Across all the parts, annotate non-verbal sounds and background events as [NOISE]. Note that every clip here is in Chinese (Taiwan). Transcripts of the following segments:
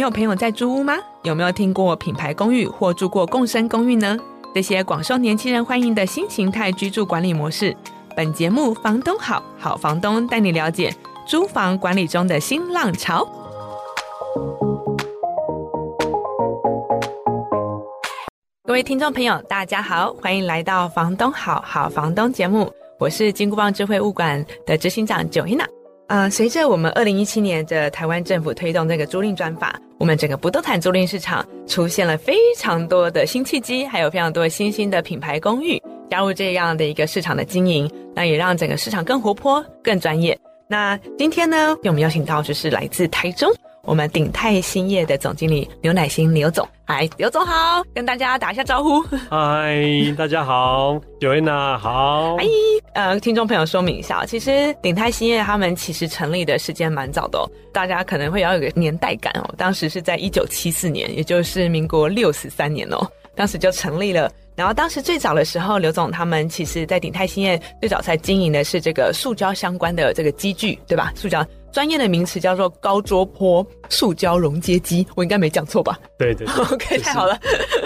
你有朋友在租屋嗎？有沒有聽過品牌公寓或住過共生公寓呢？這些廣受年輕人歡迎的新形態居住管理模式，本節目房東好好房東帶你了解租房管理中的新浪潮。各位聽眾朋友，大家好，歡迎來到房東好好房東節目，我是金箍棒智慧物管的執行長 Joanna。呃，隨着我們二零一七年的台灣政府推動這個租賃專法，我們整個不動產租賃市場出現了非常多的新契機，還有非常多新興的品牌公寓加入這樣的一個市場的經營，那也讓整個市場更活潑、更專業。那今天呢，我們邀請到就是來自台中，我們鼎泰興業的總經理劉乃欣劉總，嗨，劉總好，跟大家打一下招呼。嗨，大家好，Joanna 好。嗨，呃，聽眾朋友，說明一下，其實鼎泰興業他們其實成立的時間蠻早的哦，大家可能會要有一個年代感哦。當時是在一九七四年，也就是民國六十三年哦，當時就成立了。然後當時最早的時候，劉總他們其實，在鼎泰興業最早才經營的是這個塑膠相關的這個機具，對吧？塑膠。專業的名詞叫做高桌坡塑膠熔接機，我應該沒講錯吧？對對,對，OK，太好了。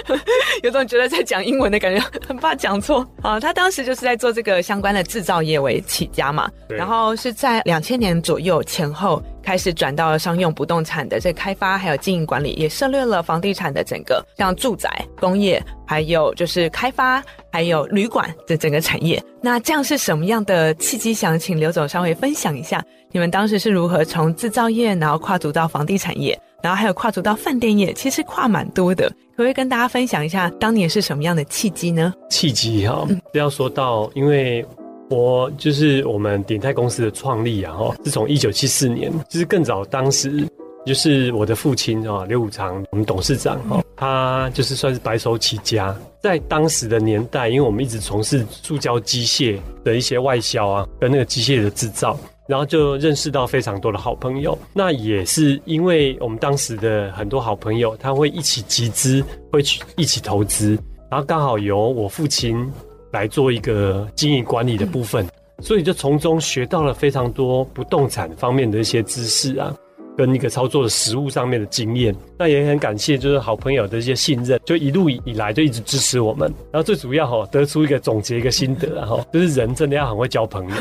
[LAUGHS] 有種覺得在講英文的感覺，很怕講錯啊。他當時就是在做這個相關的制造業為起家嘛，然後是在兩千年左右前後。開始轉到商用不動產的這個開發，還有經營管理，也涉獵了房地產的整個，像住宅、工業，還有就是開發，還有旅館這整個產業。那這樣是什麼樣的契機？想請劉總稍微分享一下，你們當時是如何從制造業，然後跨足到房地產業，然後還有跨足到飯店業？其實跨蠻多的，可不可以跟大家分享一下當年是什麼樣的契機呢？契機哈，不要說到，因為。我就是我們鼎泰公司的創立啊，哈，是從一九七四年，就是更早，當時就是我的父親啊，劉武常，我們董事長哈，他就是算是白手起家。在當時的年代，因為我們一直從事塑膠機械的一些外銷啊，跟那個機械的製造，然後就認識到非常多的好朋友。那也是因為我們當時的很多好朋友，他會一起集資，會去一起投資，然後剛好由我父親。來做一個經營管理的部分、嗯，所以就從中學到了非常多不動產方面的一些知識啊，跟一個操作的實務上面的經驗。那也很感謝，就是好朋友的一些信任，就一路以來就一直支持我們。然後最主要哈、哦，得出一個總結一個心得、啊，然、嗯、就是人真的要很會交朋友，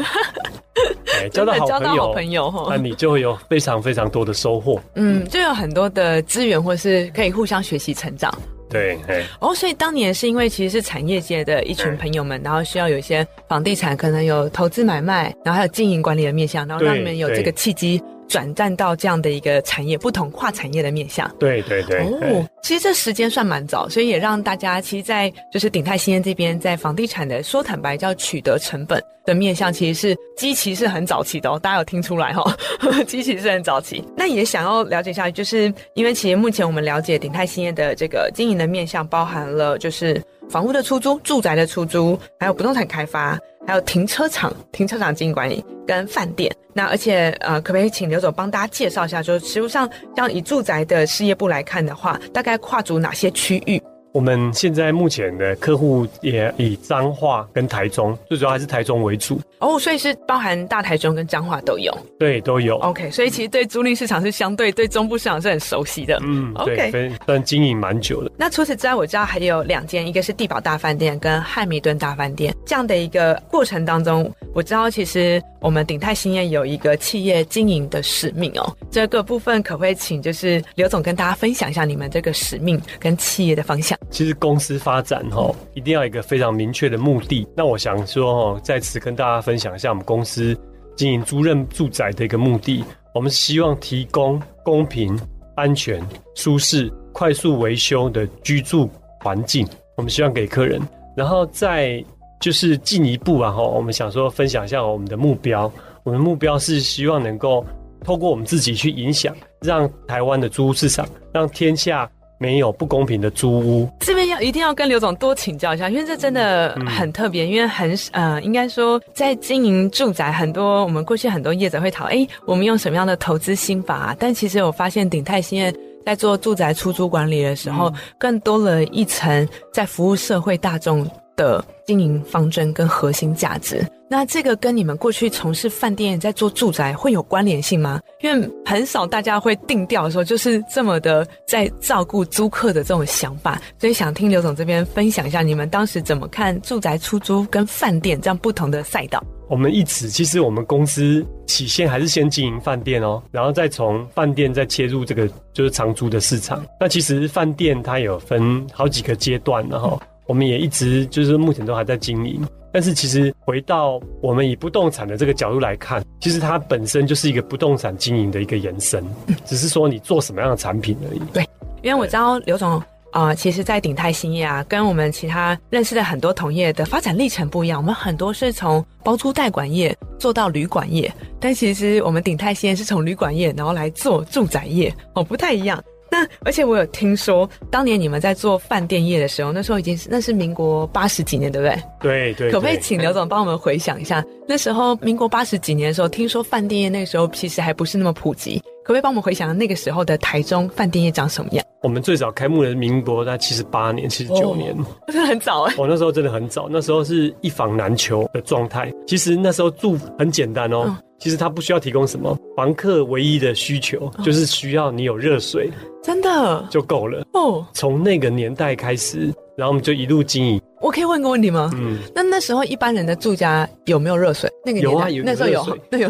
[LAUGHS] 哎、交到好朋友，好朋友、哦，那你就會有非常非常多的收穫。嗯，就有很多的資源，或是可以互相學習成長。對，哦，所以當年是因為其實是產業界的一群朋友們，然後需要有一些房地產，可能有投資買賣，然後還有經營管理的面向，然後讓你們有這個契機。轉戰到這樣的一個產業，不同跨產業的面向。對對對，對。哦，其實這時間算蠻早，所以也讓大家，其實在，在就是鼎泰興業這邊，在房地產的說坦白叫取得成本的面向，其實是基期是很早期的哦，大家有聽出來哈哦？基期是很早期。那也想要了解一下，就是因為其實目前我們了解鼎泰興業的這個經營的面向，包含了就是房屋的出租、住宅的出租，還有不動產開發。還有停車場，停車場經營管理跟飯店。那而且，呃，可不可以請劉總幫大家介紹一下？就是，實際上，像以住宅的事業部來看的話，大概跨足哪些區域？我們現在目前的客戶也以彰化跟台中，最主要還是台中為主。哦，所以是包含大台中跟彰化都有。對，都有。OK，所以其實對租賃市場是相對對中部市場是很熟悉的。嗯對，OK，算經營蠻久了。那除此之外，我知道還有兩間，一個是地寶大飯店跟漢彌頓大飯店。這樣的一個過程當中，我知道其實。我們鼎泰興業有一個企業經營的使命哦，這個部分可不可以請就是劉總跟大家分享一下你們這個使命跟企業的方向？其實公司發展哦，一定要有一個非常明確的目的。那我想說哦，在此跟大家分享一下我們公司經營租賃住宅的一個目的，我們希望提供公平、安全、舒適、快速維修的居住環境，我們希望給客人。然後在就是進一步然、啊、後我們想說分享一下我們的目標。我們的目標是希望能夠透過我們自己去影響，讓台灣的租屋市場，讓天下沒有不公平的租屋。這邊要一定要跟劉總多請教一下，因為這真的很特別、嗯，因為很呃，應該說在經營住宅，很多我們過去很多業者會討哎、欸，我們用什麼樣的投資心法、啊？但其實我發現鼎泰興業在做住宅出租管理的時候，嗯、更多了一層在服務社會大眾。的經營方針跟核心價值，那這個跟你們過去從事飯店在做住宅會有關聯性嗎？因為很少大家會定調的時候就是這麼的在照顧租客的這種想法，所以想聽劉總這邊分享一下你們當時怎麼看住宅出租跟飯店這樣不同的賽道。我們一直其實我們公司起先還是先經營飯店哦，然後再從飯店再切入這個就是長租的市場。那其實飯店它有分好幾個階段，然後。我們也一直就是目前都還在經營，但是其實回到我們以不動產的這個角度來看，其實它本身就是一個不動產經營的一個延伸，只是說你做什麼樣的產品而已。對，因為我知道劉總啊，呃，其實，在鼎泰興業啊，跟我們其他認識的很多同業的發展歷程不一樣，我們很多是從包租代管業做到旅館業，但其實我們鼎泰興業是從旅館業然後來做住宅業，哦，不太一樣。那而且我有聽說，當年你們在做飯店業的時候，那時候已經是那是民國八十幾年，對不對？對對，對。可不可以請劉總幫我們回想一下，對對對，那時候民國八十幾年的時候，聽說飯店業那個時候其實還不是那麼普及，可不可以幫我們回想那個時候的台中飯店業長什麼樣？我們最早開幕的民國大概七十八年、七十九年，哦、真的很早哎。我、哦、那時候真的很早，那時候是一房難求的狀態。其實那時候住很簡單哦，嗯、其實它不需要提供什麼。房客唯一的需求就是需要你有熱水，真、oh, 的就夠了哦。從、oh. 那個年代開始，然後我們就一路經營。我可以問個問題嗎？嗯，那那時候一般人的住家有沒有熱水？那個有啊有，有那時候有，那有。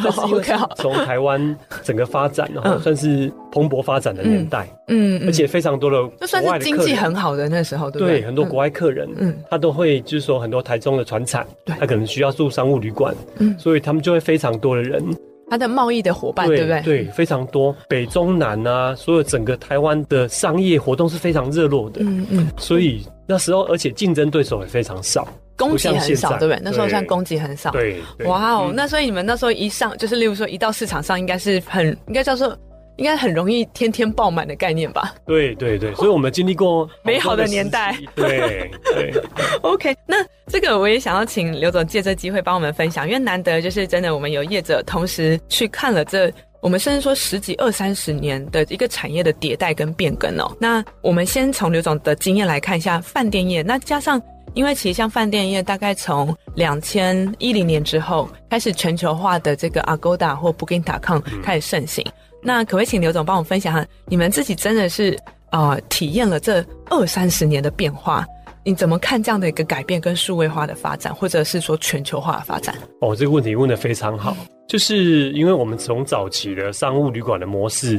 從台灣整個發展， [LAUGHS] 然後算是蓬勃發展的年代， [LAUGHS] 嗯，嗯，嗯而且非常多的國外的那算是經濟很好的那時候，對不對，對，很多國外客人，嗯，嗯他都會就是說很多台中的傳產，對，他可能需要住商務旅館，嗯，所以他們就會非常多的人。它的貿易的夥伴，對，對不對？對，非常多，北中南啊，所有整個台灣的商業活動是非常熱絡的。嗯嗯，所以那時候，而且競爭對手也非常少，供給很少，對不對？那時候算供給很少。對，哇哦、wow, 嗯，那所以你們那時候一上，就是例如說一到市場上，應該是很，應該叫做。應該很容易天天爆滿的概念吧？對對對，所以我們經歷過好美好的年代。 [LAUGHS] 對對 [LAUGHS] ，OK 那，那這個我也想要請劉總借這機會幫我們分享，因為難得就是真的，我們有業者同時去看了這，我們甚至說十幾二三十年的一個產業的迭代跟變更哦。那我們先從劉總的經驗來看一下飯店業，那加上因為其實像飯店業，大概從兩千一零年之後開始全球化的這個 Agoda 或 Booking.com 開始盛行。嗯那可不可以請劉總幫我們分享，你們自己真的是呃體驗了這二三十年的變化？你怎麼看這樣的一個改變跟數位化的發展，或者是說全球化的發展？哦，這個問題問得非常好。嗯，就是因為我們從早期的商務旅館的模式，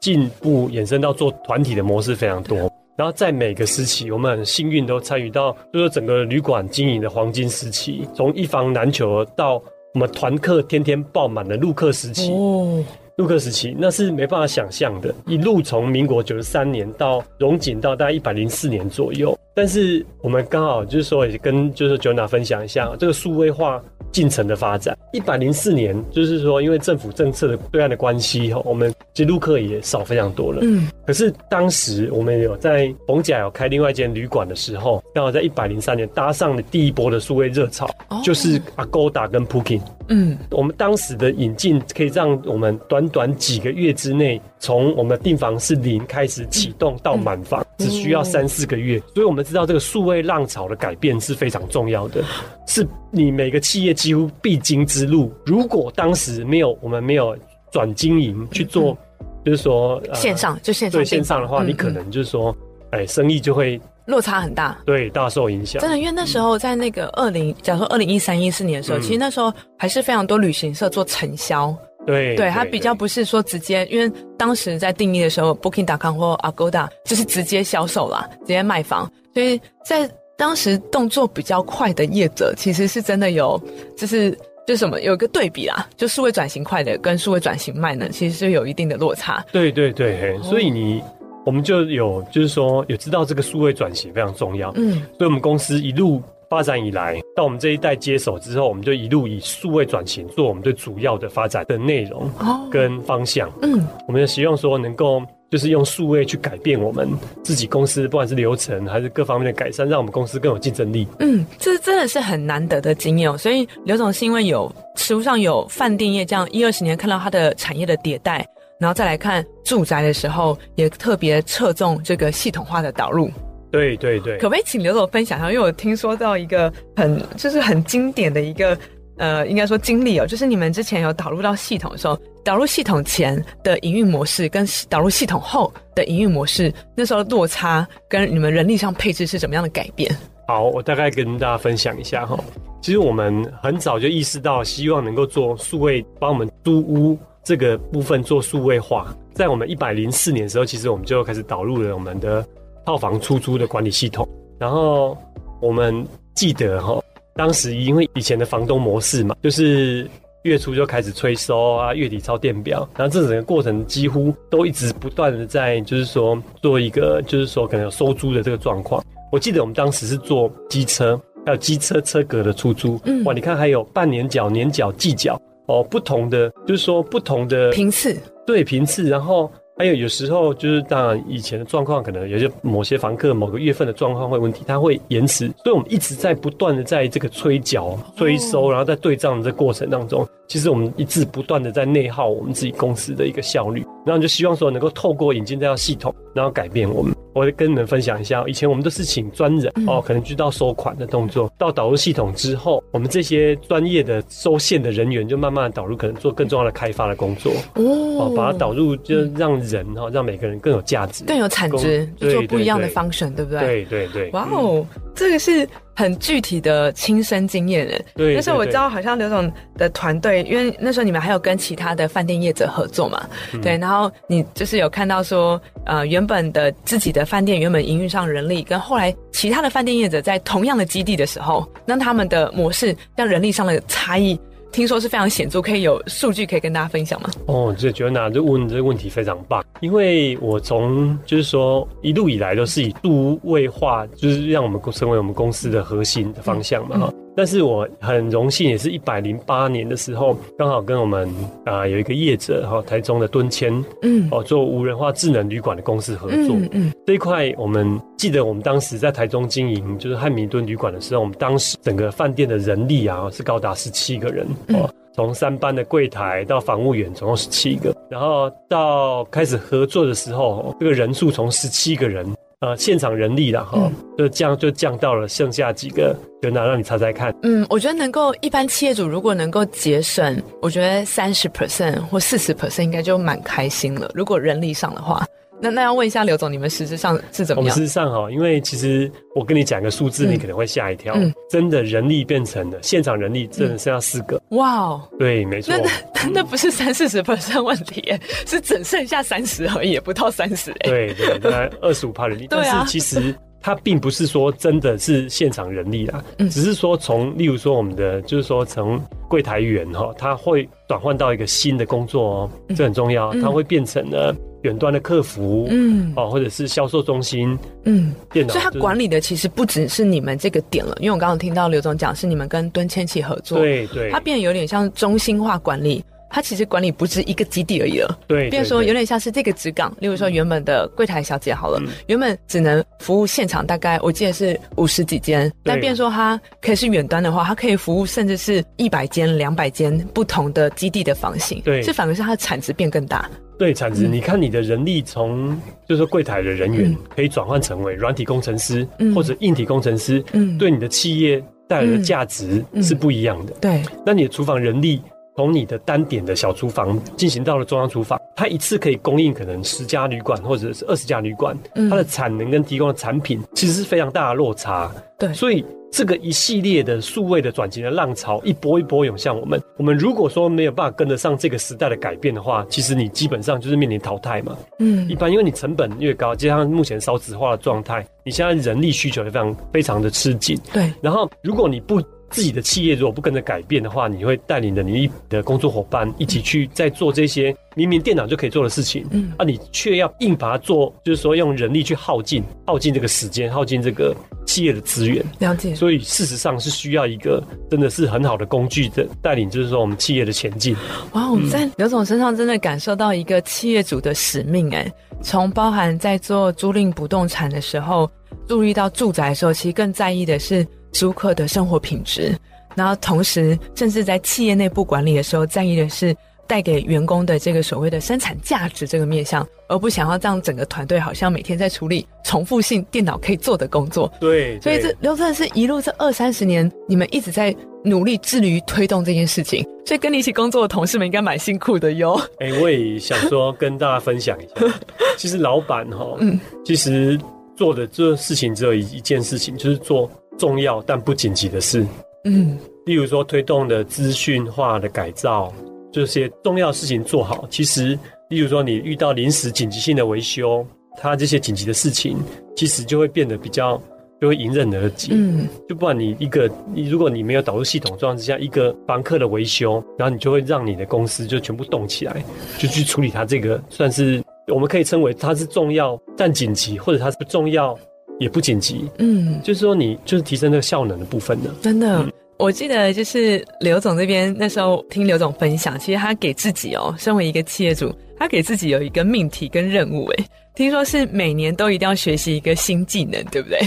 進步衍生到做團體的模式非常多。嗯、然後在每個時期，我們很幸運都參與到，就是整個旅館經營的黃金時期，從一房難求到我們團客天天爆滿的陸客時期。哦陸克時期，那是沒辦法想象的。一路從民國九十三年到龍井到大概一百零四年左右。但是我們剛好就是說，也跟就是 Joanna 分享一下、啊、這個數位化進程的發展。一百零四年，就是說因為政府政策的對岸的關係，我們接陸客也少非常多了。嗯。可是當時我們有在逢甲有開另外一間旅館的時候，剛好在一百零三年搭上了第一波的數位熱潮、哦，就是 Agoda 跟 Booking。嗯。我們當時的引進，可以讓我們短短幾個月之內。從我們的訂房是零開始啟動到滿房，只需要三四個月，所以我們知道這個數位浪潮的改變是非常重要的，是你每個企業幾乎必經之路。如果當時沒有我們沒有轉經營去做，就是說、呃、線上就線上線上的話，你可能就是說，哎，生意就會落差很大，對，大受影響。真的，因為那時候在那個二零，假如說二零一三一四年的時候，其實那時候還是非常多旅行社做承銷。對對，它比較不是說直接，對對對，因為當時在定義的時候，Booking.com 或 Agoda 就是直接銷售啦，直接賣房。所以在當時動作比較快的業者，其實是真的有，就是就是什麼，有一個對比啦，就數位轉型快的跟數位轉型慢的，其實是有一定的落差。對對對，所以你、oh. 我們就有就是說有知道這個數位轉型非常重要。嗯，所以我們公司一路發展以來。到我們這一代接手之後，我們就一路以數位轉型做我們最主要的發展的內容跟方向。哦、嗯，我們希望說能夠就是用數位去改變我們自己公司，不管是流程還是各方面的改善，讓我們公司更有競爭力。嗯，這、就是、真的是很難得的經驗。所以劉總是因為有實際上有飯店業這樣一二十年看到它的產業的迭代，然後再來看住宅的時候，也特別側重這個系統化的導入。對對對，可不可以請劉總分享一下？因為我聽說到一個很就是很經典的一個呃，應該說經歷哦，就是你們之前有導入到系統的時候，導入系統前的營運模式跟導入系統後的營運模式，那時候的落差跟你們人力上配置是怎麼樣的改變？好，我大概跟大家分享一下哈。其實我們很早就意識到，希望能夠做數位，幫我們租屋這個部分做數位化。在我們一百零四年的時候，其實我們就開始導入了我們的。套房出租的管理系統，然後我們記得哈、哦，當時因為以前的房東模式嘛，就是月初就開始催收啊，月底抄電表，然後這整個過程幾乎都一直不斷的在，就是說做一個，就是說可能有收租的這個狀況。我記得我們當時是做機車，還有機車車格的出租、嗯，哇，你看還有半年繳、年繳、季繳哦，不同的就是說不同的頻次，對頻次，然後。還有有時候就是，當然以前的狀況可能有些某些房客某個月份的狀況會問題，他會延遲，所以我們一直在不斷的在這個催繳、催收，然後在對賬的這個過程當中。Oh. 其實我們一直不斷的在內耗我們自己公司的一個效率，然後就希望說能夠透過引進這套系統，然後改變我們。我會跟你們分享一下，以前我們都是請專人、嗯、哦，可能去到收款的動作，到導入系統之後，我們這些專業的收現的人員就慢慢導入，可能做更重要的開發的工作哦,哦，把它導入就讓人哈、嗯，讓每個人更有價值，更有產值，做不一樣的 function，對不對,對,對,對,對？對對對。哇哦，嗯、這個是。很具體的親身經驗的，對。那時候我知道，好像劉總的團隊，因為那時候你們還有跟其他的飯店業者合作嘛。嗯，對。然後你就是有看到說，呃，原本的自己的飯店原本營運上人力，跟後來其他的飯店業者在同樣的基地的時候，那他們的模式，讓人力上的差異。聽說是非常顯著，可以有數據可以跟大家分享嗎？哦，就覺得呢，就問這個問題非常棒，因為我從就是說一路以來都是以數位化，就是讓我們成為我們公司的核心的方向嘛。哈。但是我很榮幸，也是一百零八年的時候，剛好跟我們啊、呃、有一個業者哈，台中的敦謙，嗯，哦，做無人化智能旅館的公司合作。嗯，嗯。這一塊我們記得，我們當時在台中經營就是漢明敦旅館的時候，我們當時整個飯店的人力啊是高達十七個人，哦、嗯，從三班的櫃台到房務員，總共十七個。然後到開始合作的時候，這個人數從十七個人。呃、啊，現場人力啦、嗯、就降就降到了剩下幾個就呢？讓你猜猜看。嗯，我覺得能夠一般企業主如果能夠節省，我覺得三十 percent 或四十 percent 應該就蠻開心了。如果人力上的話。那那要問一下劉總，你們實質上是怎麼樣？我們實質上哈，因為其實我跟你講個數字、嗯，你可能會嚇一跳、嗯。真的人力變成了現場人力，真的剩下四個、嗯。哇哦，對，沒錯、嗯。那不是三四十%問題，是只剩下三十而已，不到三十。對對，對，那二十五%人力 [LAUGHS] 對、啊，但是其實它並不是說真的是現場人力啦，嗯、只是說從例如說我們的就是說從櫃檯員哈，它會轉換到一個新的工作哦、喔，這很重要、嗯，它會變成了。遠端的客服，嗯，哦、啊，或者是銷售中心，嗯，電腦、就是、所以它管理的其實不只是你們這個點了。因為我剛剛聽到劉總講是你們跟敦謙合作，對對，它變得有點像中心化管理。它其實管理不止一個基地而已了，對。對變說有點像是這個職崗，例如說原本的櫃台小姐好了對對對，原本只能服務現場大概我記得是五十幾間，但變說它可以是遠端的話，它可以服務甚至是一百間、兩百間不同的基地的房型，對。是反而是它的產值變更大。對產值、嗯，你看你的人力從就是說櫃檯的人員、嗯，可以轉換成為軟體工程師、嗯、或者硬體工程師、嗯，對你的企業帶來的價值、嗯、是不一樣的、嗯。對，那你的廚房人力。從你的單點的小廚房進行到了中央廚房，它一次可以供應可能十家旅館或者是二十家旅館、嗯，它的產能跟提供的產品其實是非常大的落差。對，所以這個一系列的數位的轉型的浪潮一波一波湧向我們。我們如果說沒有辦法跟得上這個時代的改變的話，其實你基本上就是面臨淘汰嘛。嗯，一般因為你成本越高，就像目前少子化的狀態，你現在人力需求也非常非常的吃緊。對，然後如果你不自己的企業如果不跟着改變的話，你會帶領着你，你的工作夥伴一起去在做這些明明電腦就可以做的事情，嗯，啊，你卻要硬把它做，就是說用人力去耗盡、耗盡這個時間、耗盡這個企業的資源。了解。所以事實上是需要一個真的是很好的工具的帶領，就是說我們企業的前進。哇，我們在劉總身上真的感受到一個企業主的使命。哎，從包含在做租賃不動產的時候，注意到住宅的時候，其實更在意的是。租客的生活品質，然後同時，甚至在企業內部管理的時候，在意的是帶給員工的這個所謂的生產價值這個面向，而不想要讓整個團隊好像每天在處理重複性電腦可以做的工作。對，對，所以這就真的是一路這二三十年，你們一直在努力致力於推動這件事情，所以跟你一起工作的同事們應該蠻辛苦的喲。哎、欸，我也想說跟大家分享一下， [LAUGHS] 其實老板哈、喔嗯，其實做的這事情只有一一件事情，就是做。重要但不緊急的事，嗯，例如說推動的資訊化的改造，這些重要的事情做好，其實，例如說你遇到臨時緊急性的維修，它這些緊急的事情，其實就會變得比較就會迎刃而解，嗯，就不管你一個，如果你沒有導入系統狀況之下，一個房客的維修，然後你就會讓你的公司就全部動起來，就去處理它這個，算是我們可以稱為它是重要但緊急，或者它是不重要。也不緊急，嗯，就是說你就是提升那個效能的部分呢。真的，嗯、我記得就是劉總這邊，那時候聽劉總分享，其實他給自己哦、喔，身為一個企業主，他給自己有一個命題跟任務，誒，聽說是每年都一定要學習一個新技能，對不對？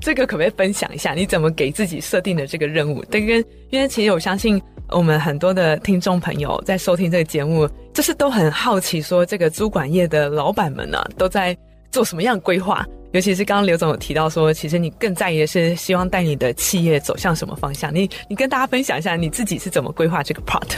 這個可不可以分享一下？你怎麼給自己設定的這個任務？對，跟因為其實我相信我們很多的聽眾朋友在收聽這個節目，就是都很好奇說，這個租管業的老闆們呢、啊，都在做什麼樣的規劃？尤其是剛剛劉總有提到說，其實你更在意的是希望帶你的企業走向什麼方向？你你跟大家分享一下你自己是怎麼規劃這個 part？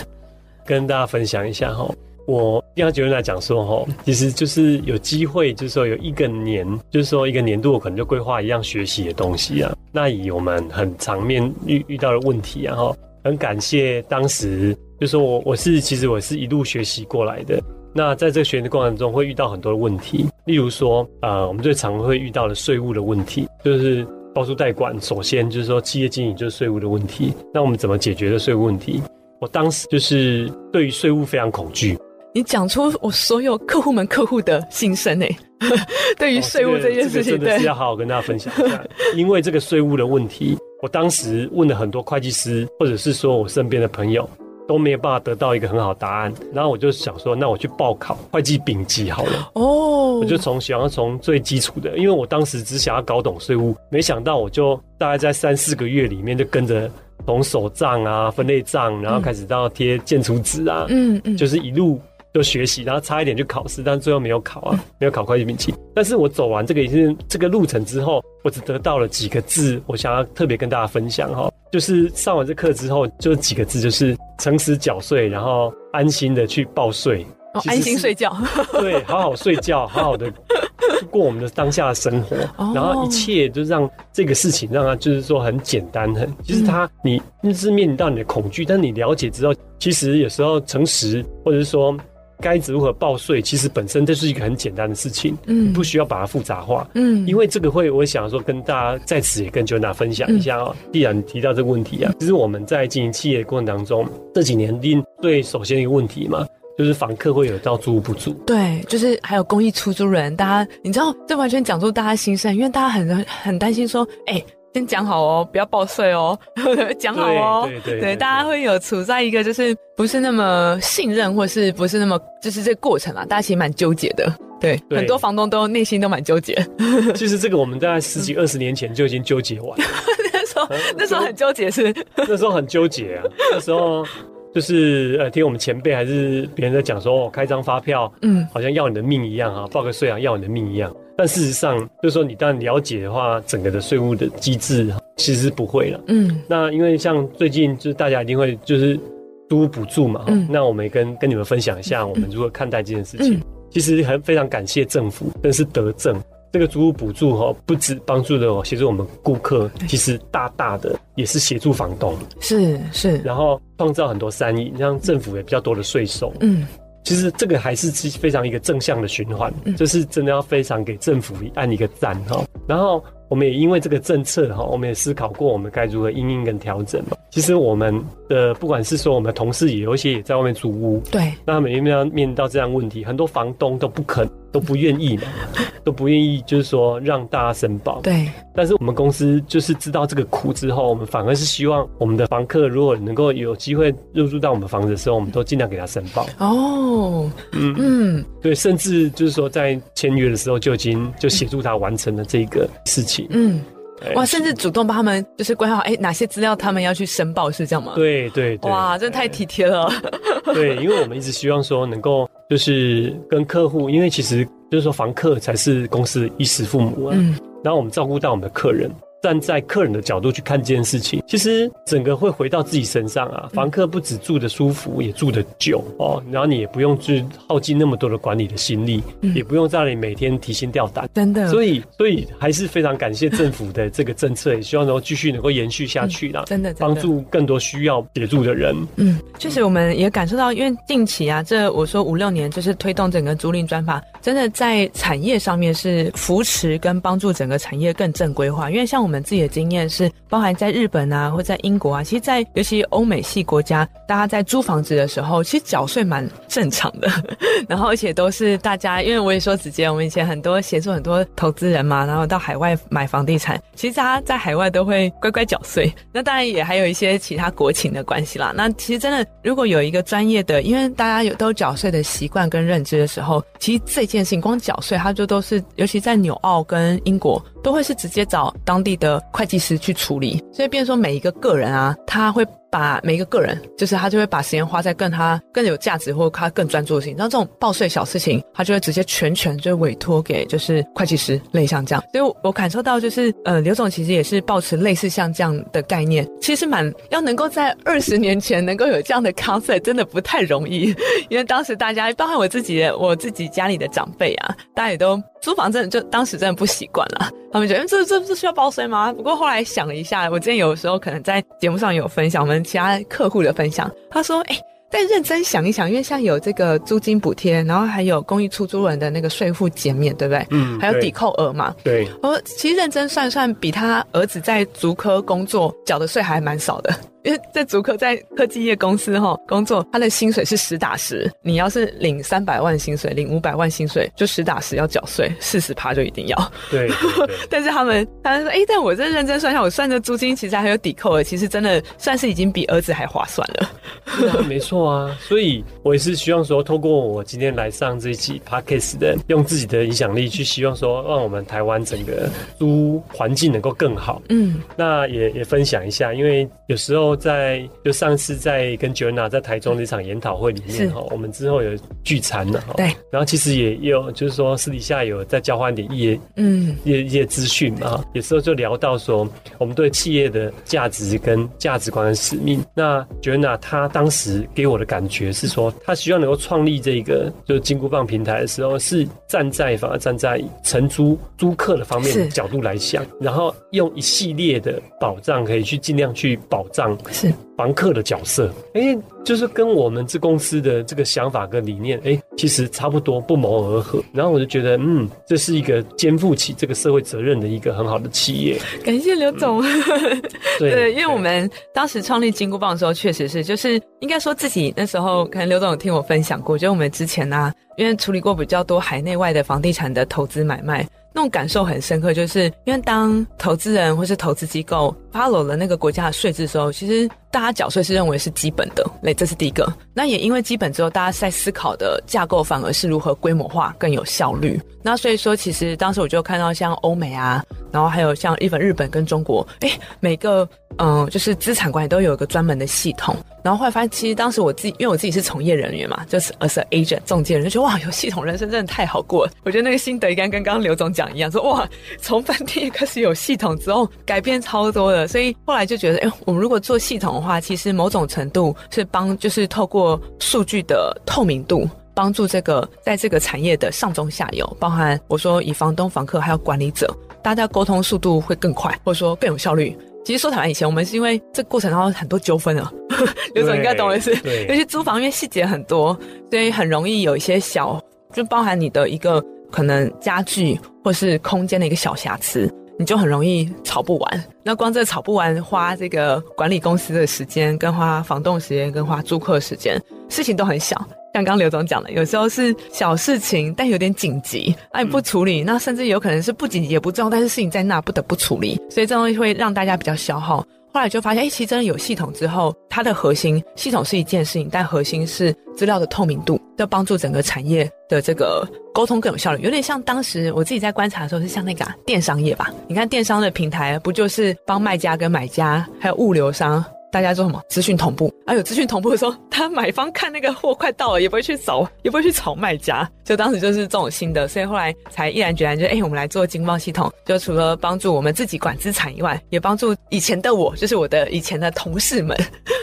跟大家分享一下哈，我要舉例來講說哈，其實就是有機會，就是說有一個年，就是說一個年度，我可能就規劃一樣學習的東西啊。那以我們很長面遇遇到的問題、啊，然後很感謝當時，就是說我我是其實我是一路學習過來的。那在這個學習過程中會遇到很多的問題，例如說，呃，我們最常會遇到的稅務的問題，就是包租代管，首先就是說企業經營就是稅務的問題。那我們怎麼解決的稅務問題？我當時就是對於稅務非常恐懼。你講出我所有客戶們客戶的心聲哎， [LAUGHS] 對於稅務這件事情，對、哦，這個這個、真的是要好好跟大家分享一下。 [LAUGHS] 因為這個稅務的問題，我當時問了很多會計師，或者是說我身邊的朋友。都沒有辦法得到一個很好答案，然後我就想說，那我去報考會計丙級好了。哦、oh.，我就從想要從最基礎的，因為我當時只想要搞懂稅務，沒想到我就大概在三四個月裡面就跟着從手賬啊、分類賬，然後開始到貼建築紙啊，嗯嗯，就是一路就學習，然後差一點就考試，但最後沒有考啊，沒有考會計丙級。 [LAUGHS] 但是我走完這個也是這個路程之後，我只得到了幾個字，我想要特別跟大家分享哈、哦。就是上完這課之後，就幾個字，就是誠實繳稅，然後安心的去報稅，安心睡覺，對，好好睡覺，好好的過我們的當下的生活，然後一切就讓這個事情讓它就是說很簡單，很，其實它你一直面臨到你的恐懼，但是你了解之後，其實有時候誠實，或者是說。該如何報稅？其實本身這是一個很簡單的事情，嗯，不需要把它複雜化，嗯，因為這個會，我想說跟大家在此也跟 Joanna 分享一下哦。既、嗯、然提到這個問題啊，其實我們在經營企業的過程當中，這幾年因對，首先一個問題嘛，就是房客會有到租屋不租，對，就是還有公益出租人，大家你知道這完全講出大家心聲，因為大家很很擔心說，哎、欸。先講好哦，不要報稅哦，講 [LAUGHS] 好哦，對對,對,對,對,對,對，大家會有處在一個就是不是那麼信任，或是不是那麼就是這個過程啊。大家其實蠻糾結的，對，對很多房東都內心都蠻糾結。 [LAUGHS] 其實這個我們大概十幾二十年前就已經糾結完了， [LAUGHS] 那時候、嗯、那時候很糾結是？那時候很糾結啊， [LAUGHS] 那時候就是呃聽我們前輩還是別人在講說、哦，開張發票，嗯，好像要你的命一樣啊，報個稅啊要你的命一樣。但事實上，就是說，你當然了解的話，整個的稅務的機制其實不會了。嗯。那因為像最近，就是大家一定會就是租屋補助嘛，嗯，那我們也跟跟你們分享一下，我們如何看待這件事情。嗯嗯嗯嗯。其實很非常感謝政府，真是德政。這個租屋補助哈，不止幫助了協助我們顧客，其實大大的也是協助房東，是是。然後創造很多善意，像政府也比較多的稅收。嗯。嗯其實這個還是是非常一個正向的循環，嗯，就是真的要非常給政府按一個讚哈。然後。我們也因為這個政策哈，我們也思考過，我們該如何因應跟調整嘛。其實我們的不管是說，我們的同事也，有些也在外面租屋，對，那每一面要面臨到這樣的問題，很多房東都不肯，都不願意嘛， [LAUGHS] 都不願意，就是說讓大家申報。對，但是我們公司就是知道這個苦之後，我們反而是希望我們的房客如果能夠有機會入住到我們房子的時候，我們都儘量給他申報。哦、oh, 嗯，嗯嗯，對，甚至就是說在簽約的時候就已經就協助他完成了這個事情。嗯，哇，甚至主動幫他們就是規劃，哎、欸，哪些資料他們要去申報是，是這樣嗎？對對對，哇，真的太體貼了、欸。對，因為我們一直希望說能夠就是跟客戶，因為其實就是說房客才是公司的衣食父母、啊、嗯，然後我們照顧到我們的客人。站在客人的角度去看這件事情，其實整個會回到自己身上啊。房客不只住得舒服，嗯、也住得久哦，然後你也不用去耗盡那麼多的管理的心力、嗯，也不用在那裡每天提心吊膽。真的，所以所以還是非常感謝政府的這個政策，也希望能夠繼續能夠延續下去啦。嗯、真的幫助更多需要協助的人。嗯，確實我們也感受到，因為近期啊，這我說五六年就是推動整個租賃專法，真的在產業上面是扶持跟幫助整個產業更正規化，因為像。我們自己的經驗是，包含在日本啊，或在英國啊，其實，在尤其歐美系國家，大家在租房子的時候，其實繳稅蠻正常的。 [LAUGHS] 然後，而且都是大家，因為我也說直接，我們以前很多協助很多投資人嘛，然後到海外買房地產，其實大家在海外都會乖乖繳稅。那當然也還有一些其他國情的關係啦。那其實真的，如果有一個專業的，因為大家有都繳稅的習慣跟認知的時候，其實這件事情光繳稅，它就都是，尤其在紐澳跟英國。都會是直接找當地的會計師去處理，所以，變成說每一個個人啊，他會。把每一個個人，就是他就會把時間花在更他更有價值或他更專注的事情。那這種報稅小事情，他就會直接全權就委託給就是會計師類像這樣。所以我感受到就是，呃，劉總其實也是抱持類似像這樣的概念，其實蠻要能夠在二十年前能夠有這樣的 concept，真的不太容易，因為當時大家，包含我自己的，我自己家裡的長輩啊，大家也都租房真的就當時真的不習慣了，他們覺得，欸，這這這需要報稅嗎？不過後來想了一下，我之前有時候可能在節目上有分享我們。其他客戶的分享，他說：“哎、欸，再認真想一想，因為現在有這個租金補貼，然後還有公益出租人的那個稅負減免，對不對？嗯，還有抵扣額嘛。對，我說其實認真算算，比他兒子在足科工作繳的稅還蠻少的。”因為這租客在科技業公司哈工作，他的薪水是實打實。你要是領三百萬薪水，領五百萬薪水，就實打實要繳稅四十趴，就一定要。對，對，對。 [LAUGHS] 但是他們，他們說，哎、欸，但我這認真算下，我算的租金其實還有抵扣的，其實真的算是已經比兒子還划算了。 [LAUGHS] 啊、沒錯啊，所以我也是希望說，透過我今天來上這一期 Podcast 的，用自己的影響力去希望說，讓我們台灣整個租環境能夠更好。嗯。那也也分享一下，因為有時候。在就上次在跟 n 娜在台中的一場研討會裡面，哈，我們之後有聚餐了哈，對。然後其實也有就是說私底下有在交換點一些嗯一些一些資訊嘛，有時候就聊到說我們對企業的價值跟價值觀的使命。那 n 娜她當時給我的感覺是說，她希望能夠創立這個就是金箍棒平台的時候，是站在反而站在承租租客的方面的角度來想，然後用一系列的保障可以去盡量去保障。是房客的角色，哎、欸，就是跟我們這公司的這個想法跟理念，哎、欸，其實差不多，不謀而合。然後我就覺得，嗯，這是一個肩負起這個社會責任的一個很好的企業。感謝劉總，嗯、對， [LAUGHS] 對，因為我們當時創立金箍棒的時候，確實是，就是應該說自己那時候，可能劉總有聽我分享過，就我們之前啊，因為處理過比較多海內外的房地產的投資買賣，那種感受很深刻，就是因為當投資人或是投資機構。follow 了那個國家的稅制的時候，其實大家繳稅是認為是基本的，那這是第一個。那也因為基本之後，大家在思考的架構反而是如何規模化更有效率。那所以說，其實當時我就看到像歐美啊，然後還有像日本、日本跟中國，哎，每個嗯、呃，就是資產管理都有一個專門的系統。然後後來發現，其實當時我自己因為我自己是從業人員嘛，就是 as a agent 中介人就覺得哇，有系統人生真的太好過了。我覺得那個心得應該跟剛剛劉總講一樣，說哇，從飯店開始有系統之後，只有改變超多的。所以後來就覺得，哎、欸，我們如果做系統的話，其實某種程度是幫，就是透過數據的透明度，幫助這個在這個產業的上中下游，包含我說以房東、房客還有管理者，大家溝通速度會更快，或者說更有效率。其實說坦白以前，我們是因為這個過程中很多糾紛啊，劉 [LAUGHS] 總應該懂的是，尤其租房因為細節很多，所以很容易有一些小，就包含你的一個可能家具或是空間的一個小瑕疵。你就很容易吵不完，那光這吵不完，花這個管理公司的時間，跟花房東時間，跟花租客時間，事情都很小。像剛劉總講的，有時候是小事情，但有點緊急，你不處理、嗯，那甚至有可能是不緊急也不重要，但是事情在那，不得不處理，所以這東西會讓大家比較消耗。後來就發現，哎、欸，其實真的有系統之後，它的核心系統是一件事情，但核心是資料的透明度，要幫助整個產業的這個溝通更有效率。有點像當時我自己在觀察的時候，是像那個、啊、電商業吧？你看電商的平台，不就是幫賣家跟買家，還有物流商？大家做什麼？資訊同步。哎、啊、呦，資訊同步的時候，他買方看那個貨快到了，也不會去找，也不會去炒賣家。就當時就是這種心得，所以後來才毅然決然就，就、欸、我們來做經貿系統。就除了幫助我們自己管資產以外，也幫助以前的我，就是我的以前的同事們，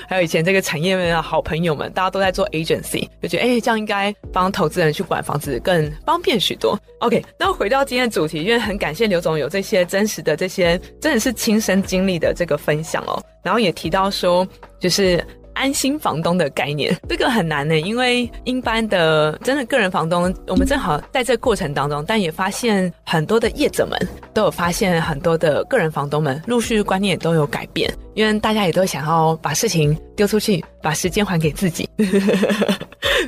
還有以前這個產業面的好朋友們，大家都在做 agency，就覺得誒、欸、這樣應該幫投資人去管房子更方便許多。OK，那我回到今天的主題，因為很感謝劉總有這些真實的、這些真的是親身經歷的這個分享哦。然後也提到說，就是安心房東的概念，這個很難呢、欸，因為一般的真的個人房東，我們正好在這個過程當中，但也發現很多的業者們都有發現，很多的個人房東們陸續觀念也都有改變，因為大家也都想要把事情丟出去，把時間還給自己。 [LAUGHS]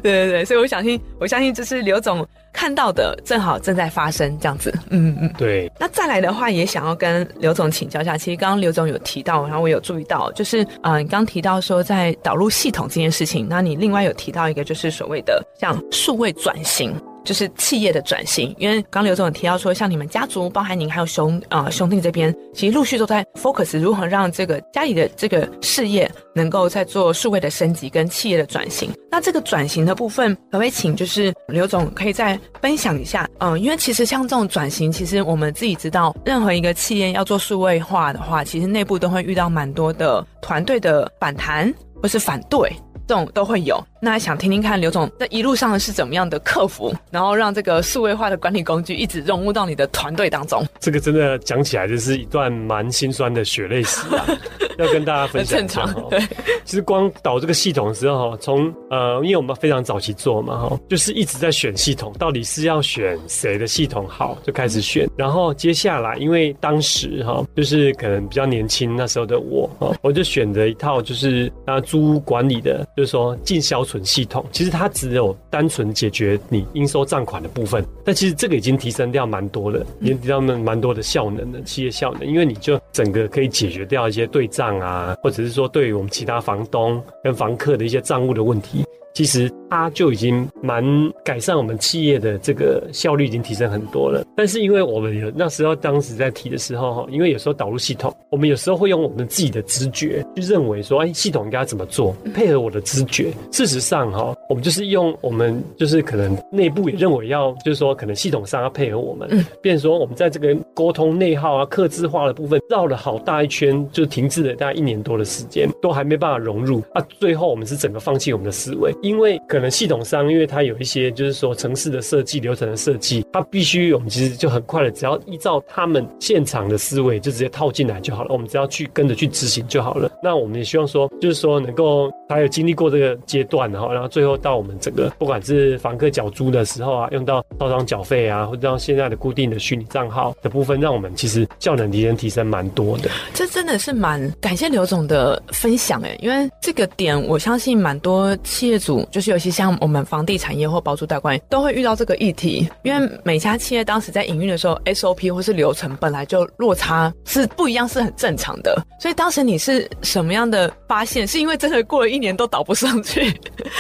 對對對，所以我相信，我相信這是劉總看到的，正好正在發生這樣子。嗯嗯，對。那再來的話，也想要跟劉總請教一下。其實剛剛劉總有提到，然後我有注意到，就是，呃，你剛提到說在導入系統這件事情，那你另外有提到一個，就是所謂的像數位轉型。就是企業的轉型，因為剛劉總有提到說，像你們家族，包含您還有兄啊、呃、兄弟這邊，其實陸續都在 focus 如何讓這個家裡的這個事業能夠在做數位的升級跟企業的轉型。那這個轉型的部分，可不可以請就是劉總可以再分享一下？嗯、呃，因為其實像這種轉型，其實我們自己知道，任何一個企業要做數位化的話，其實內部都會遇到蠻多的團隊的反彈或是反對，這種都會有。那想聽聽看，劉總這一路上是怎麼樣的克服，然後讓這個數位化的管理工具一直融入到你的團隊當中。這個真的講起來就是一段蠻心酸的血淚史啊， [LAUGHS] 要跟大家分享一下。很正常，對。其實光導這個系統的時候，從呃，因為我們非常早期做嘛，哈，就是一直在選系統，到底是要選誰的系統好，就開始選。嗯。然後接下來，因為當時哈，就是可能比較年輕，那時候的我，哦，我就選擇一套就是啊，租屋管理的，就是說進銷。存系統其實它只有單純解決你應收賬款的部分，但其實這個已經提升掉蠻多了，已經提升到蠻多的效能的，企業效能，因為你就整個可以解決掉一些對賬啊，或者是說對於我們其他房東跟房客的一些賬務的問題。其實它就已經蠻改善我們企業的這個效率，已經提升很多了。但是因為我們有那時候當時在提的時候哈，因為有時候導入系統，我們有時候會用我們自己的直覺去認為說，哎，系統應該要怎麼做，配合我的直覺。事實上哈，我們就是用我們就是可能內部也認為要，就是說可能系統上要配合我們，嗯，變成說我們在這個溝通內耗啊、客製化的部分繞了好大一圈，就停滯了大概一年多的時間，都還沒辦法融入啊。最後我們是整個放棄我們的思維。因為可能系統上，因為它有一些就是說城市的設計流程的設計，它必須我們其實就很快的，只要依照他們現場的思維，就直接套進來就好了。我們只要去跟着去執行就好了。那我們也希望說，就是說能夠他有經歷過這個階段哈，然後最後到我們整個不管是房客繳租的時候啊，用到超商繳費啊，或者到現在的固定的虛擬賬號的部分，讓我們其實效能提升提升蠻多的。這真的是蠻感謝劉總的分享哎，因為這個點我相信蠻多企業主。就是尤其像我們房地產業或包租代管都會遇到這個議題，因為每家企業當時在營運的時候，SOP 或是流程本來就落差是不一樣，是很正常的。所以當時你是什麼樣的發現？是因為真的過了一年都倒不上去，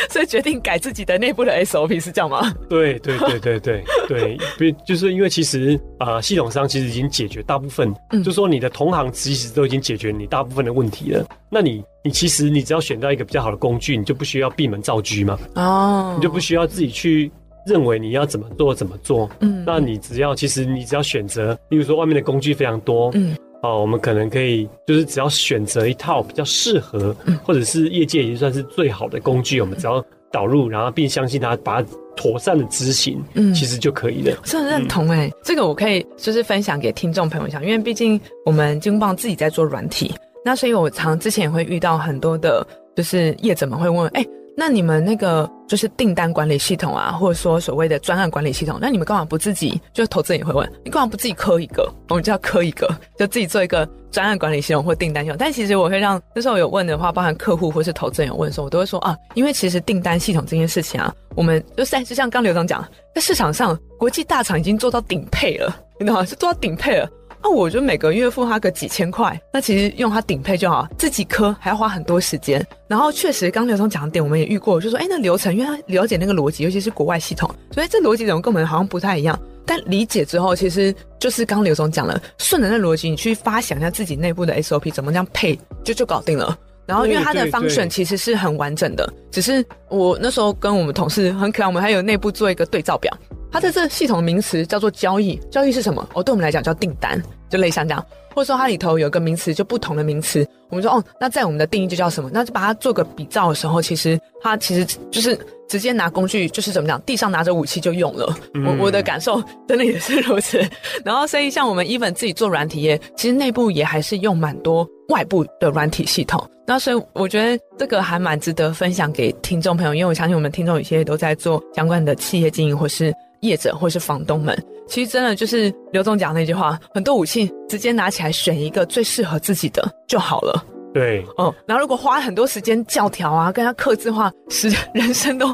所以決定改自己的內部的 SOP 是這樣嗎？對對對對對對， [LAUGHS] 別就是因為其實啊、呃，系統上其實已經解決大部分、嗯，就說你的同行其實都已經解決你大部分的問題了。那你你其實你只要選到一個比較好的工具，你就不需要閉門造車嘛。哦，你就不需要自己去認為你要怎麼做怎麼做。嗯，那你只要其實你只要選擇，例如說外面的工具非常多。嗯，哦、呃，我們可能可以就是只要選擇一套比較適合、嗯，或者是業界已經算是最好的工具、嗯，我們只要導入，然後並相信它，把它妥善的執行，嗯，其實就可以了。是很認同誒、嗯、這個我可以就是分享給聽眾朋友一下，因為畢竟我們金箍棒自己在做軟體。那所以，我常之前也會遇到很多的，就是業者們會問，哎、欸，那你們那個就是訂單管理系統啊，或者說所謂的專案管理系統，那你們幹嘛不自己？就是投資人也會問，你幹嘛不自己磕一個？我們就要磕一個，就自己做一個專案管理系統或訂單系統。但其實我會讓那時候我有問的話，包含客戶或是投資人有問的時候，我都會說啊，因為其實訂單系統這件事情啊，我們就是，就像剛剛劉總講，在市場上國際大廠已經做到頂配了，你知道嗎？是做到頂配了。那、啊、我覺得每個月付他個幾千塊，那其實用他頂配就好，自己磕還要花很多時間。然後確實，剛劉總講的點我們也遇過，就說哎、欸，那流程因為他了解那個邏輯，尤其是國外系統，所以這邏輯怎麼跟我們好像不太一樣？但理解之後，其實就是剛劉總講了，順着那邏輯你去發想一下自己內部的 SOP 怎麼這樣配，就就搞定了。然後，因為它的 function 其實是很完整的對對對，只是我那時候跟我們同事很可愛，我們還有內部做一個對照表。它在這系統的名詞叫做交易，交易是什麼？哦，對我們來講叫訂單，就類似這樣。或者說它裡頭有一個名詞，就不同的名詞，我們說哦，那在我們的定義就叫什麼？那就把它做個比照的時候，其實它其實就是。直接拿工具，就是怎麼講，地上拿着武器就用了。我我的感受真的也是如此。 [LAUGHS] 然後所以像我們 Even 自己做軟體業，其實內部也還是用蠻多外部的軟體系統。那所以我覺得這個還蠻值得分享給聽眾朋友，因為我相信我們聽眾有些也都在做相關的企業經營，或是業者，或是房東們。其實真的就是劉總講那句話，很多武器直接拿起來，選一個最適合自己的就好了。.對，哦，然後如果花很多時間教條啊，跟他客製化，時間人生都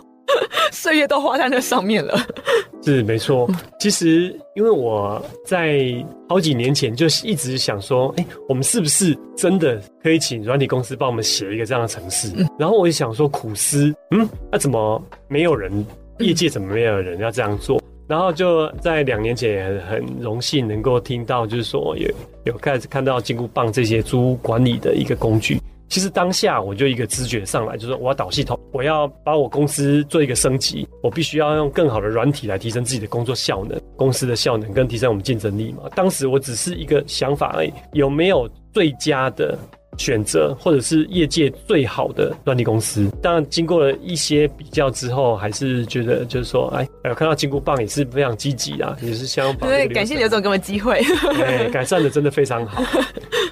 歲 [LAUGHS] 月都花在那上面了。是，是沒錯、嗯。其實，因為我在好幾年前就一直想說，哎、欸，我們是不是真的可以請軟體公司幫我們寫一個這樣的程式？嗯、然後我就想說，苦思，嗯，那、啊、怎麼沒有人？業界怎麼沒有人要這樣做？然後就在兩年前，也很榮幸能夠聽到，就是說有有開始看到金箍棒這些租屋管理的一個工具。其實當下我就一個直覺上來，就是說我要導系統，我要把我公司做一個升級，我必須要用更好的軟體來提升自己的工作效能，公司的效能跟提升我們競爭力嘛。當時我只是一個想法而已，有沒有最佳的？選擇或者是業界最好的專利公司，當然經過了一些比較之後，還是覺得就是說，哎，我看到金箍棒也是非常積極啦，也是相。對，對，對，感謝劉總給我們機會。對、 [LAUGHS] 欸，改善的真的非常好。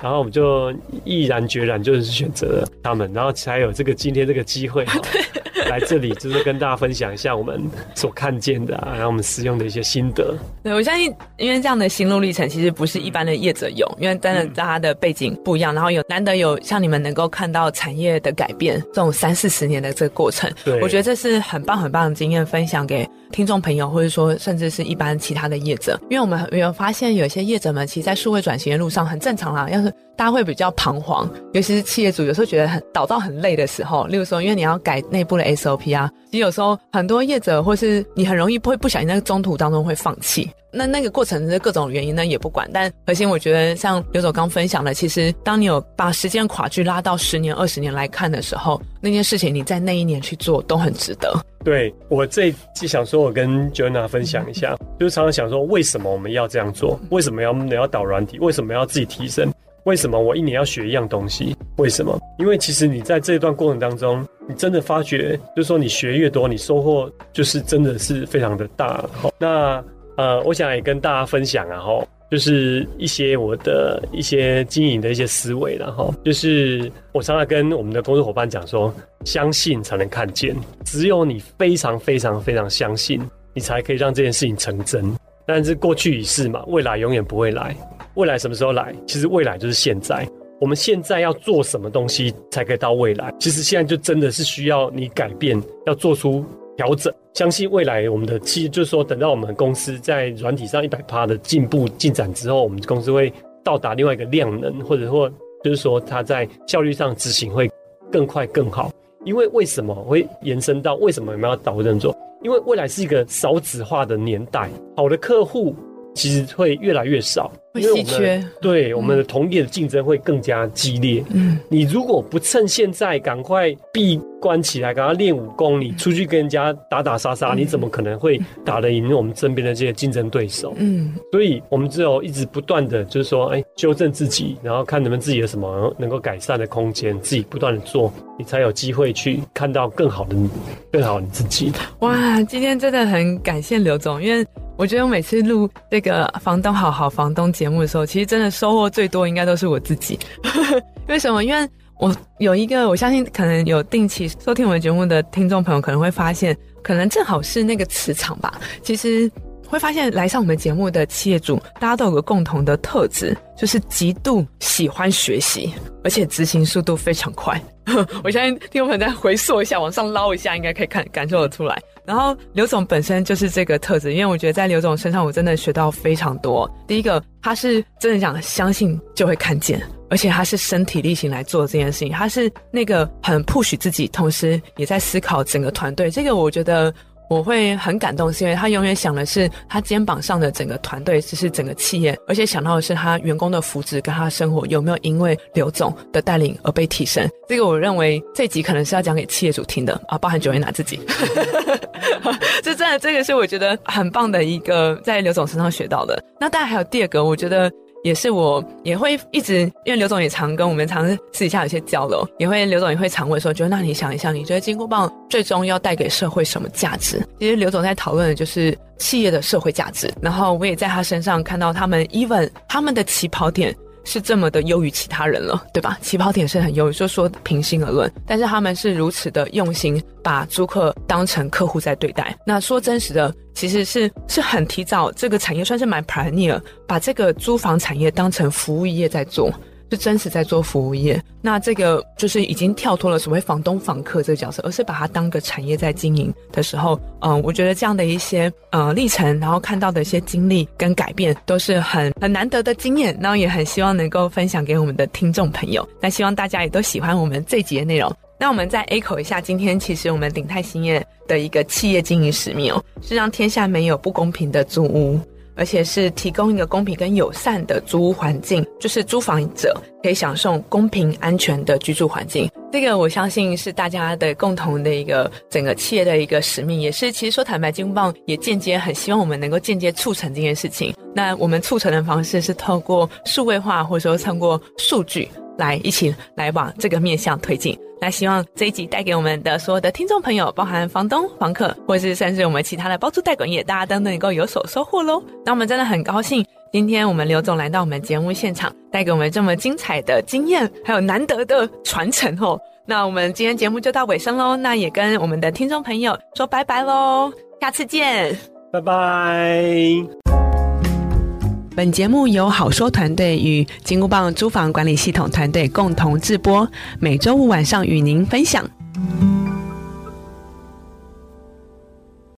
然後我們就毅然決然就是選擇了他們，然後才有這個今天這個機會，喔、對，來這裡就是跟大家分享一下我們所看見的，啊，然後我們使用的一些心得。對我相信，因為這樣的心路歷程，其實不是一般的業者有，嗯、因為真的大家的背景不一樣，然後有難得。有像你們能夠看到產業的改變，這種三四十年的這個過程，我覺得這是很棒很棒的經驗分享給聽眾朋友，或者說甚至是一般其他的業者，因為我們有發現，有些業者們其實，在數位轉型的路上，很正常啦。要是大家會比較彷徨，尤其是企業主，有時候覺得很倒到很累的時候，例如說，因為你要改內部的 SOP 啊，其實有時候很多業者或是你很容易會不小心在中途當中會放棄。那那個過程是各種原因呢，也不管。但核心我覺得，像劉總剛分享的，其實當你有把時間跨距拉到十年、二十年來看的時候，那件事情你在那一年去做都很值得。對我這次想說，我跟 Joanna 分享一下，就是常常想說，為什麼我們要這樣做？為什麼要要導軟體？為什麼要自己提升？為什麼我一年要學一樣東西？為什麼？因為其實你在這段過程當中，你真的發覺，就是說你學越多，你收穫就是真的是非常的大。齁，那呃，我想也跟大家分享啊，吼。就是一些我的一些經營的一些思維，然後就是我常常跟我們的工作夥伴講說，相信才能看見，只有你非常非常非常相信，你才可以讓這件事情成真。但是過去已逝嘛，未來永遠不會來，未來什麼時候來？其實未來就是現在，我們現在要做什麼東西才可以到未來？其實現在就真的是需要你改變，要做出。調整，相信未來我們的其實就是說，等到我們的公司在軟體上一百趴的進步進展之後，我們公司會到達另外一個量能，或者說就是說它在效率上執行會更快更好。因為為什麼會延伸到為什麼我們要導入這樣做？因為未來是一個少子化的年代，好的客戶。其實會越來越少，不稀缺。對，嗯、我們的同業的競爭會更加激烈。嗯，你如果不趁現在趕快閉關起來，趕快練武功，你出去跟人家打打殺殺，嗯，你怎麼可能會打得贏我們身邊的這些競爭對手？嗯，所以我們只有一直不斷的，就是說，哎、欸，糾正自己，然後看你們自己有什麼能夠改善的空間，自己不斷的做，你才有機會去看到更好的你、更好的你自己的。哇，今天真的很感謝劉總，因為。我覺得我每次錄這個《房東好好房東》節目的時候，其實真的收穫最多應該都是我自己。呵呵，為什麼？因為我有一個，我相信可能有定期收聽我們節目的聽眾朋友可能會發現，可能正好是那個磁場吧。其實會發現來上我們節目的企業主，大家都有個共同的特質，就是極度喜歡學習，而且執行速度非常快。呵， [LAUGHS] 我相信聽眾朋友再回溯一下，往上撈一下，應該可以看感受得出來。然後劉總本身就是這個特質，因為我覺得在劉總身上我真的學到非常多。第一個，他是真的想相信就會看見，而且他是身體力行來做這件事情，他是那個很 push 自己，同時也在思考整個團隊。這個我覺得。我會很感動，是因為他永遠想的是他肩膀上的整個團隊，就是整個企業，而且想到的是他員工的福祉跟他的生活有沒有因為劉總的帶領而被提升。這個我認為這集可能是要講給企業主聽的啊，包含 Joanna 自己。這 [LAUGHS] 真的，這個是我覺得很棒的一個在劉總身上學到的。那當然還有第二個，我覺得。也是我也會一直，因為劉總也常跟我們常私底下有些交流，也會劉總也會常問說，覺得那你想一想，你覺得金箍棒最終要帶給社會什麼價值？其實劉總在討論的就是企業的社會價值，然後我也在他身上看到他們 even 他們的起跑點。是這麼的優於其他人了，對吧？起跑點是很優於，就說平心而論，但是他們是如此的用心，把租客當成客戶在對待。那說真實的，其實是是很提早這個產業算是蠻 pioneer，把這個租房產業當成服務業在做。是真實在做服務業，那這個就是已經跳脫了所謂房東訪客這個角色，而是把它當個產業在經營的時候，嗯，我覺得這樣的一些呃、嗯、歷程，然後看到的一些經歷跟改變，都是很很難得的經驗，然後也很希望能夠分享給我們的聽眾朋友。那希望大家也都喜歡我們這集的內容。那我們再 A 口一下，今天其實我們鼎泰新業的一個企業經營使命哦，是讓天下沒有不公平的租屋。而且是提供一個公平跟友善的租屋環境，就是租房者可以享受公平安全的居住環境。這個我相信是大家的共同的一個整個企業的一個使命，也是其實說坦白，金箍棒也間接很希望我們能夠間接促成這件事情。那我們促成的方式是透過數位化，或者說通過數據。來，一起來往這個面向推進。那希望這一集帶給我們的所有的聽眾朋友，包含房東、房客，或是甚至我們其他的包租代管業，大家都能能夠有所收穫嘍那我們真的很高興，今天我們劉總來到我們節目現場，帶給我們這麼精彩的經驗，還有難得的傳承哦。那我們今天節目就到尾聲嘍，那也跟我們的聽眾朋友說拜拜嘍，下次見，拜拜。本節目由好說團隊與金箍棒租房管理系統團隊共同製播，每週五晚上與您分享。